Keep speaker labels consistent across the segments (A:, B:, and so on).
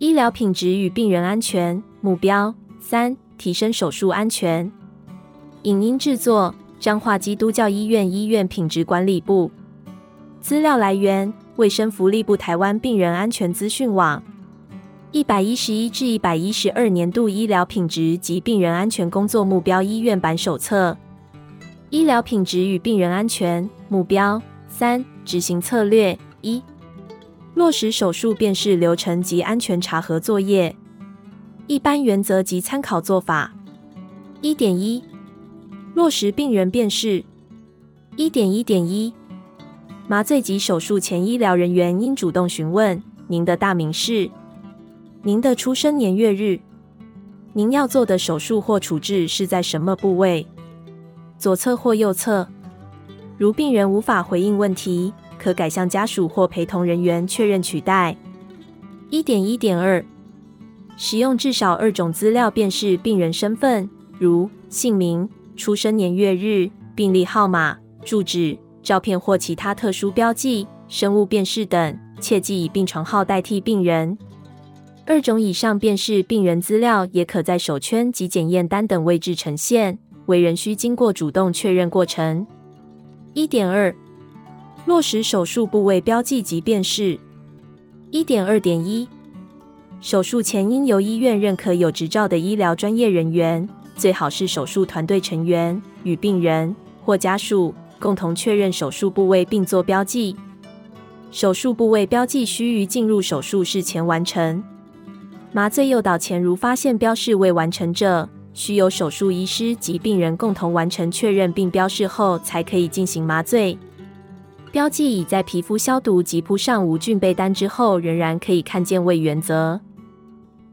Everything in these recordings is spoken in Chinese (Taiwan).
A: 醫療品質與病人安全目標三：3，提升手術安全。影音製作：彰化基督教醫院醫院品質管理部。資料來源：衛生福利部台灣病人安全資訊網。一百一十一至一百一十二年度醫療品質及病人安全工作目標醫院版手冊。醫療品質與病人安全目標三：執行策略一。1, 落實手術辨識流程及安全查核作業，一般原則及參考做法。一點一落實病人辨識。一點一點一，麻醉及手術前醫療人員應主動詢問您的大名是，您的出生年月日，您要做的手術或處置是在什麼部位，左側或右側。如病人無法回應問題，可改向家屬或陪同人員確認取代。一點一點二，使用至少二種資料辨識病人身份，如姓名、出生年月日、病歷號碼、住址、照片或其他特殊標記、生物辨識等。切忌以病床號代替病人。二種以上辨識病人資料，也可在手圈及檢驗單等位置呈現。為人需經過主動確認過程。一點二。落實手術部位標記及辨識。一點二點一，手術前應由醫院認可有執照的醫療專業人員，最好是手術團隊成員，與病人或家屬共同確認手術部位並做標記。手術部位標記須於進入手術室前完成。麻醉誘導前，如發現標示未完成者，需由手術醫師及病人共同完成確認並標示後，才可以進行麻醉。標記已在皮膚消毒及鋪上無菌被單之後，仍然可以看見為原則。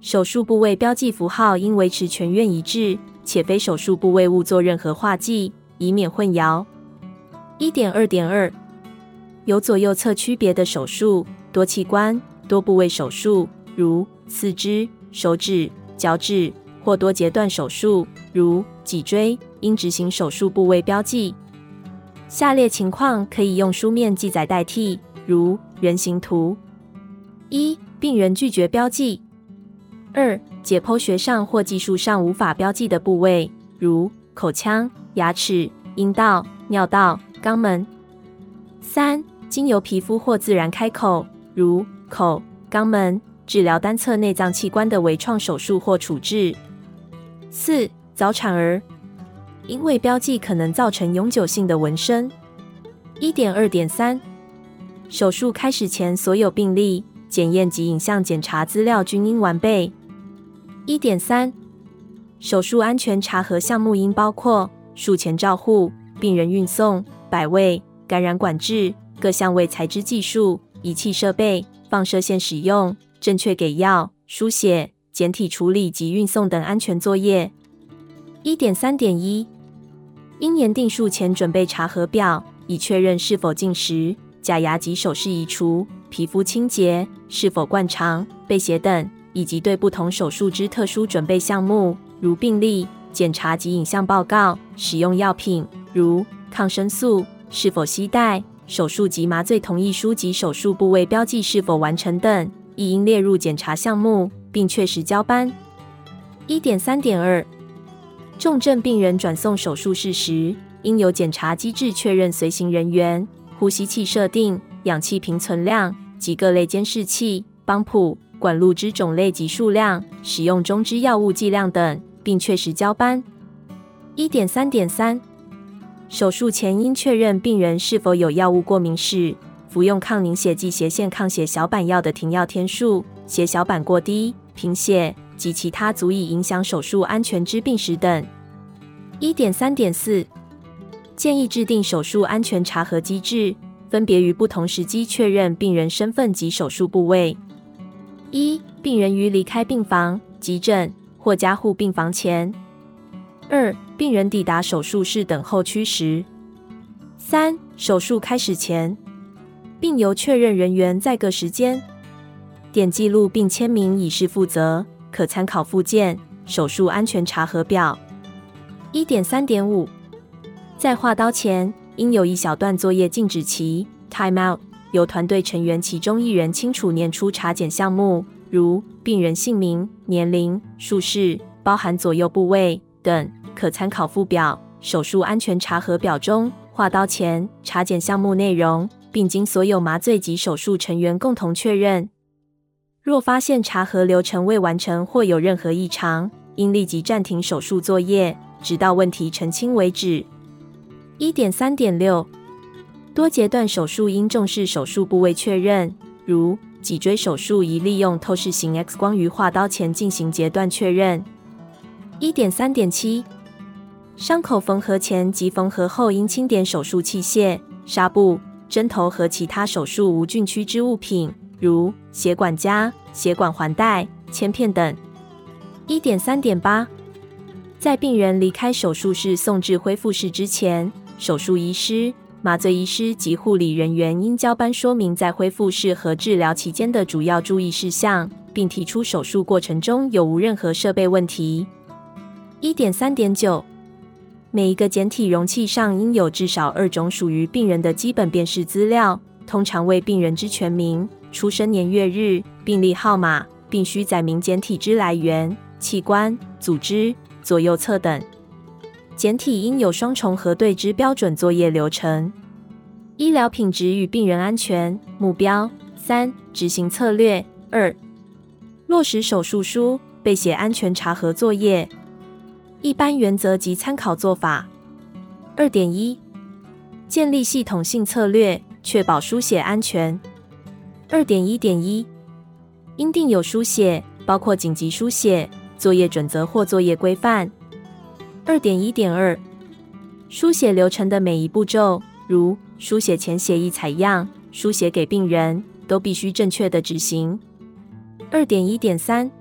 A: 手術部位標記符號應維持全院一致，且非手術部位勿做任何劃記，以免混淆。一點二點二，有左右側區別的手術、多器官、多部位手術，如四肢、手指、腳趾或多節段手術，如脊椎，應執行手術部位標記。下列情況可以用書面記載代替，如：人形圖。一、病人拒絕標記；二、解剖學上或技術上無法標記的部位，如口腔、牙齒、陰道、尿道、肛門；三、經由皮膚或自然開口，如口、肛門，治療單側內臟器官的微創手術或處置；四、早產兒。因為標記可能造成永久性的紋身。一點二點三，手術開始前所有病例檢驗及影像檢查資料均應完備。一點三，手術安全查核項目應包括術前照護、病人運送、擺位、感染管制、各項位材質、技術、儀器設備、放射線使用、正確給藥、輸血、檢體處理及運送等安全作業。一點三點一。應訂定術前準備查核表，以確認是否禁食、假牙及首飾移除、皮膚清潔、是否灌腸、備血等，以及對不同手術之特殊準備項目，如病歷、檢查及影像報告、使用藥品（如抗生素）、是否攜帶、手術及麻醉同意書及手術部位標記是否完成等，亦應列入檢查項目，並確實交班。一點三點二。重症病人轉送手術室時，應有檢查機制確認隨行人員、呼吸器設定、氧氣瓶存量及各類監視器、幫浦、管路之種類及數量、使用中之藥物劑量等，並確實交班。一點三點三，手術前應確認病人是否有藥物過敏史、服用抗凝血劑、斜線抗血小板藥的停藥天數、血小板過低、貧血。及其他足以影響手術安全之病史等。一點三點四，建議制定手術安全查核機制，分別於不同時機確認病人身份及手術部位：一、病人於離開病房、急診或加護病房前；二、病人抵達手術室等候區時；三、手術開始前，並由確認人員在各時間點記錄並簽名，以示負責。可參考附件手術安全查核表。一點三點五，在劃刀前應有一小段作業禁止期 （time out），由團隊成員其中一人清楚念出查檢項目，如病人姓名、年齡、術式，包含左右部位等。可參考附表手術安全查核表中劃刀前查檢項目內容，並經所有麻醉及手術成員共同確認。若發現查核流程未完成或有任何異常，應立即暫停手術作業，直到問題澄清為止。一點三點六，多節段手術應重視手術部位確認，如脊椎手術宜利用透視型 X 光於劃刀前進行節段確認。一點三點七，傷口縫合前及縫合後應清點手術器械、紗布、針頭和其他手術無菌區之物品。如血管夾、血管環帶、切片等。一點三點八，在病人離開手術室送至恢復室之前，手術醫師、麻醉醫師及護理人員應交班說明在恢復室和治療期間的主要注意事項，並提出手術過程中有無任何設備問題。一點三點九，每一個檢體容器上應有至少二種屬於病人的基本辨識資料，通常為病人之全名。出生年月日、病歷號碼，並需載明檢體之來源、器官、組織、左右側等。檢體應有雙重核對之標準作業流程。醫療品質與病人安全目標三：執行策略二，落實手術輸、備血安全查核作業。一般原則及參考做法二點一：建立系統性策略，確保輸血安全。二點一點一，1> 1. 1. 1. 應訂有輸血，包括緊急輸血作業準則或作業規範。二點一點二，輸血流程的每一步驟，如輸血前血液採樣、輸血給病人都必須正確的執行。二點一點三，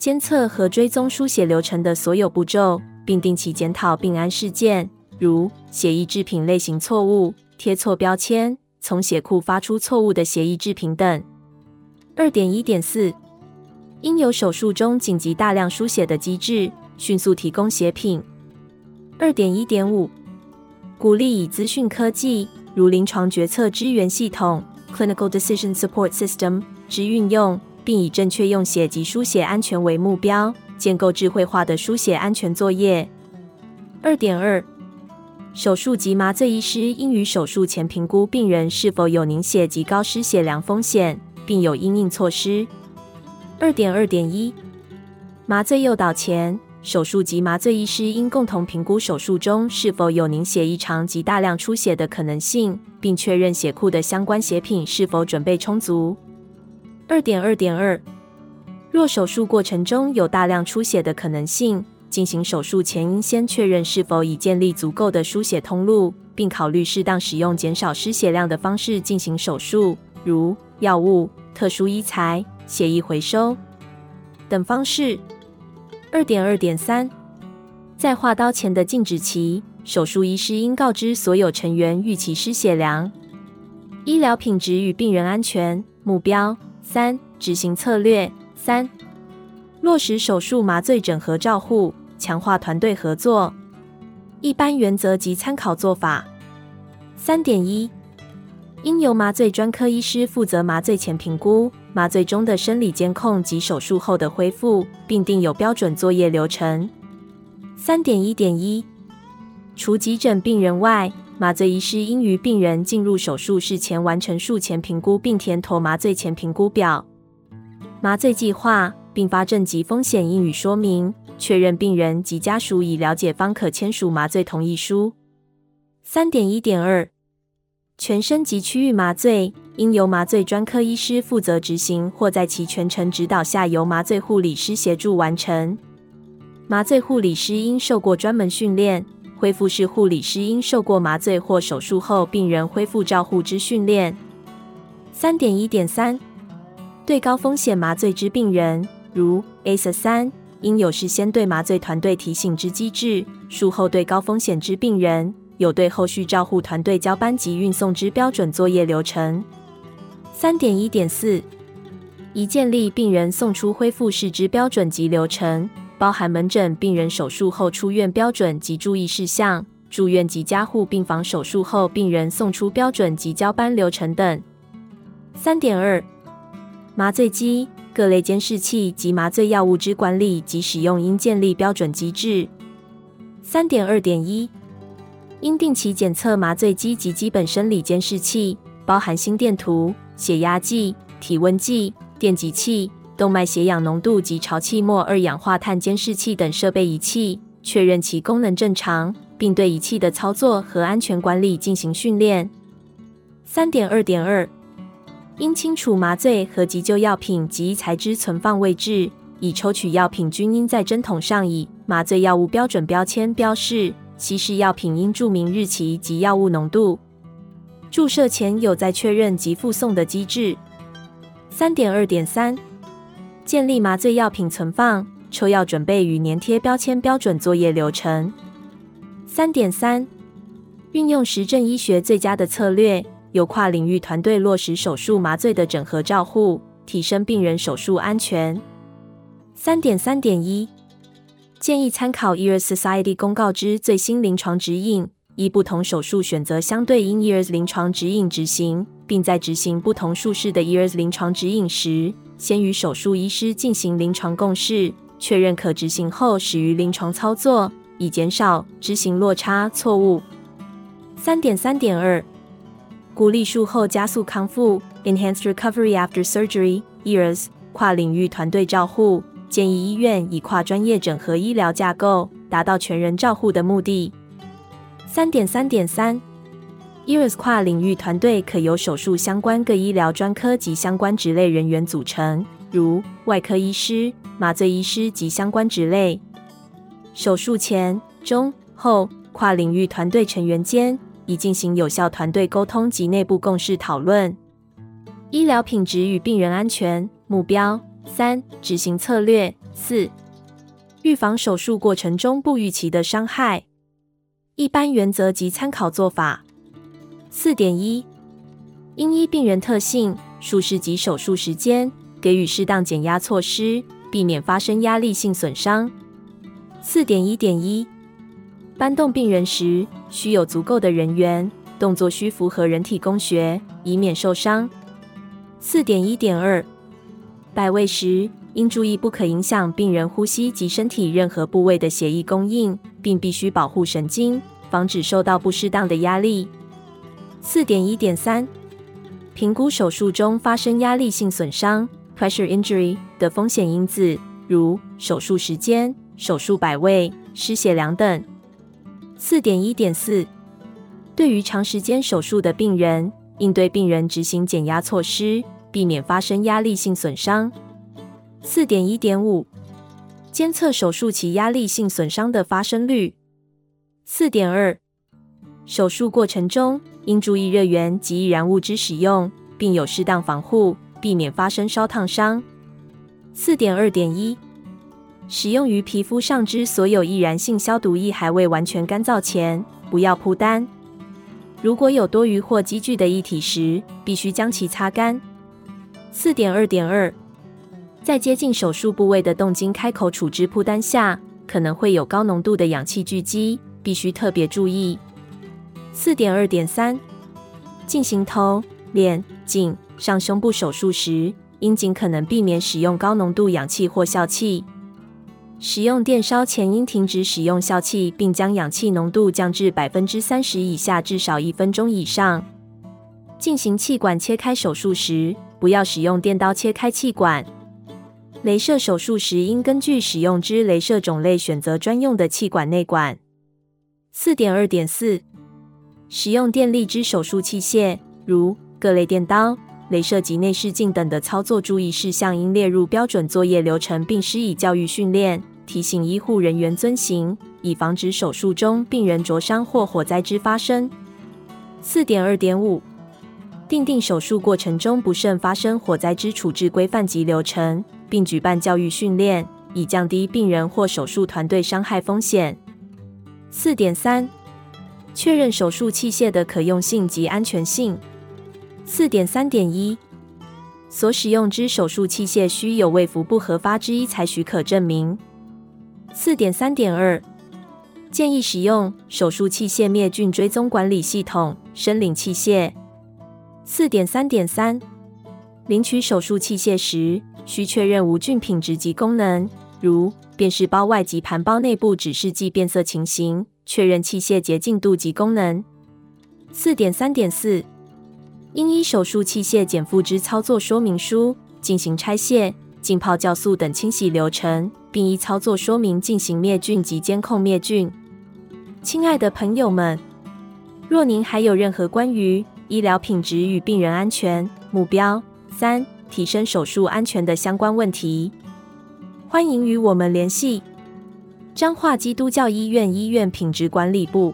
A: 監測和追蹤輸血流程的所有步驟，並定期檢討病安事件，如血液製品類型錯誤、貼錯標籤。從血庫發出錯誤的協議制品等。二點一點四，應有手術中緊急大量輸血的機制，迅速提供血品。二點一點五，鼓勵以資訊科技如臨床決策支援系統 （Clinical Decision Support System） 之運用，並以正確用血及輸血安全為目標，建構智慧化的輸血安全作業。二點二。手術及麻醉醫師應於手術前評估病人是否有凝血及高失血量風險，並有因應措施。二點二點一，麻醉誘導前，手術及麻醉醫師應共同評估手術中是否有凝血異常及大量出血的可能性，並確認血庫的相關血品是否準備充足。二點二點二，若手術過程中有大量出血的可能性，進行手術前，應先確認是否已建立足夠的輸血通路，並考慮適當使用減少失血量的方式進行手術，如藥物、特殊醫材、血液回收等方式。二點二點三，在劃刀前的靜止期，手術醫師應告知所有成員預期失血量。醫療品質與病人安全目標三，執行策略三。3落實手術麻醉整合照護，強化團隊合作。一般原則及參考做法：三點一，應由麻醉專科醫師負責麻醉前評估、麻醉中的生理監控及手術後的恢復，並定有標準作業流程。三點一點一，除急診病人外，麻醉醫師應於病人進入手術室前完成術前評估，並填妥麻醉前評估表。麻醉計劃。併發症及風險應予說明，確認病人及家屬已了解，方可簽署麻醉同意書。三點一點二，全身及區域麻醉應由麻醉專科醫師負責執行，或在其全程指導下由麻醉護理師協助完成。麻醉護理師應受過專門訓練，恢復室護理師應受過麻醉或手術後病人恢復照護之訓練。三點一點三，對高風險麻醉之病人。如 ASA 三，3，應有事先對麻醉團隊提醒之機制；術後對高風險之病人，有對後續照護團隊交班及運送之標準作業流程。三點一點四，宜建立病人送出恢復室之標準及流程，包含門診病人手術後出院標準及注意事項，住院及加護病房手術後病人送出標準及交班流程等。三點二，麻醉機。各類監視器及麻醉藥物之管理及使用應建立標準機制。三點二點一，應定期檢測麻醉機及基本生理監視器，包含心電圖、血壓計、體溫計、電極器、動脈血氧濃度及潮氣末二氧化碳監視器等設備儀器，確認其功能正常，並對儀器的操作和安全管理進行訓練。三點二點二。應清楚麻醉和急救藥品及材質存放位置，已抽取藥品均應在針筒上以麻醉藥物標準標籤標示。稀釋藥品應注明日期及藥物濃度。注射前有再確認及複誦的機制。三點二點三，建立麻醉藥品存放、抽藥準備與粘貼標籤標準作業流程。三點三，運用實證醫學最佳的策略。由跨領域團隊落實手術麻醉的整合照護，提升病人手術安全。三點三點一，建議參考 ERAS Society 公告之最新臨床指引。依不同手術選擇相對應 ERAS 臨床指引執行，並在執行不同術式的 ERAS 臨床指引時，先與手術醫師進行臨床共識，確認可執行後，始於臨床操作，以減少執行落差錯誤。三點三點二。鼓勵術後加速康復，enhanced recovery after surgery, ERAS 跨領域團隊照護，建議醫院以跨專業整合醫療架構，達到全人照護的目的。三點三點三 ERAS 跨領域團隊可由手術相關各醫療專科及相關職類人員組成，如外科醫師、麻醉醫師及相關職類。手術前、中、後跨領域團隊成員間。以進行有效團隊溝通及內部共識討論。醫療品質與病人安全目標三：執行策略四：預防手術過程中不預期的傷害。一般原則及參考做法四點一：應依病人特性、術式及手術時間，給予適當減壓措施，避免發生壓力性損傷。四點一點一。搬動病人時，需有足夠的人員，動作需符合人體工學，以免受傷。四點一點二，擺位時應注意不可影響病人呼吸及身體任何部位的血液供應，並必須保護神經，防止受到不適當的壓力。四點一點三，評估手術中發生壓力性損傷 （pressure injury） 的風險因子，如手術時間、手術擺位、失血量等。四點一點四，1 4. 1. 4. 對於長時間手術的病人，應對病人執行減壓措施，避免發生壓力性損傷。四點一點五，監測手術期壓力性損傷的發生率。四點二，手術過程中應注意熱源及易燃物質使用，並有適當防護，避免發生燒燙傷。四點二點一。使用於皮膚上之所有易燃性消毒液還未完全乾燥前，不要鋪單。如果有多餘或積聚的液體時，必須將其擦乾。四點二點二，在接近手術部位的動靜脈開口處置鋪單下，可能會有高濃度的氧氣聚集，必須特別注意。四點二點三，進行頭、臉、頸、上胸部手術時，應盡可能避免使用高濃度氧氣或笑氣。使用電燒前應停止使用笑氣，並將氧氣濃度降至百分之三十以下，至少一分鐘以上。進行氣管切開手術時，不要使用電刀切開氣管。雷射手術時，應根據使用之雷射種類選擇專用的氣管內管。四點二點四，使用電力之手術器械，如各類電刀、雷射及內視鏡等的操作注意事項，應列入標準作業流程，並施以教育訓練。提醒醫護人員遵行，以防止手術中病人灼傷或火災之發生。四點二點五，訂定手術過程中不慎發生火災之處置規範及流程，並舉辦教育訓練，以降低病人或手術團隊傷害風險。四點三，確認手術器械的可用性及安全性。四點三點一，所使用之手術器械需有衛福部核發之醫材許可證明。四點三點二，建議使用手術器械滅菌追蹤管理系統申領器械。四點三點三，領取手術器械時需確認無菌品質及功能，如辨識包外及盤包內部指示劑變色情形，確認器械潔淨度及功能。四點三點四，應依手術器械減負之操作說明書進行拆卸、浸泡、酵素等清洗流程。並依操作說明進行滅菌及監控滅菌。親愛的朋友們，若您還有任何關於醫療品質與病人安全目標三提升手術安全的相關問題，歡迎與我們聯繫。彰化基督教醫院醫院品質管理部，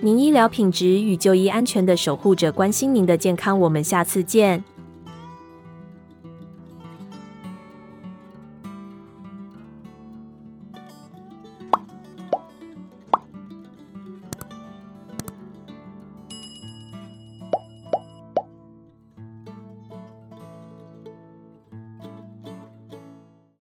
A: 您醫療品質與就醫安全的守護者，關心您的健康。我們下次見。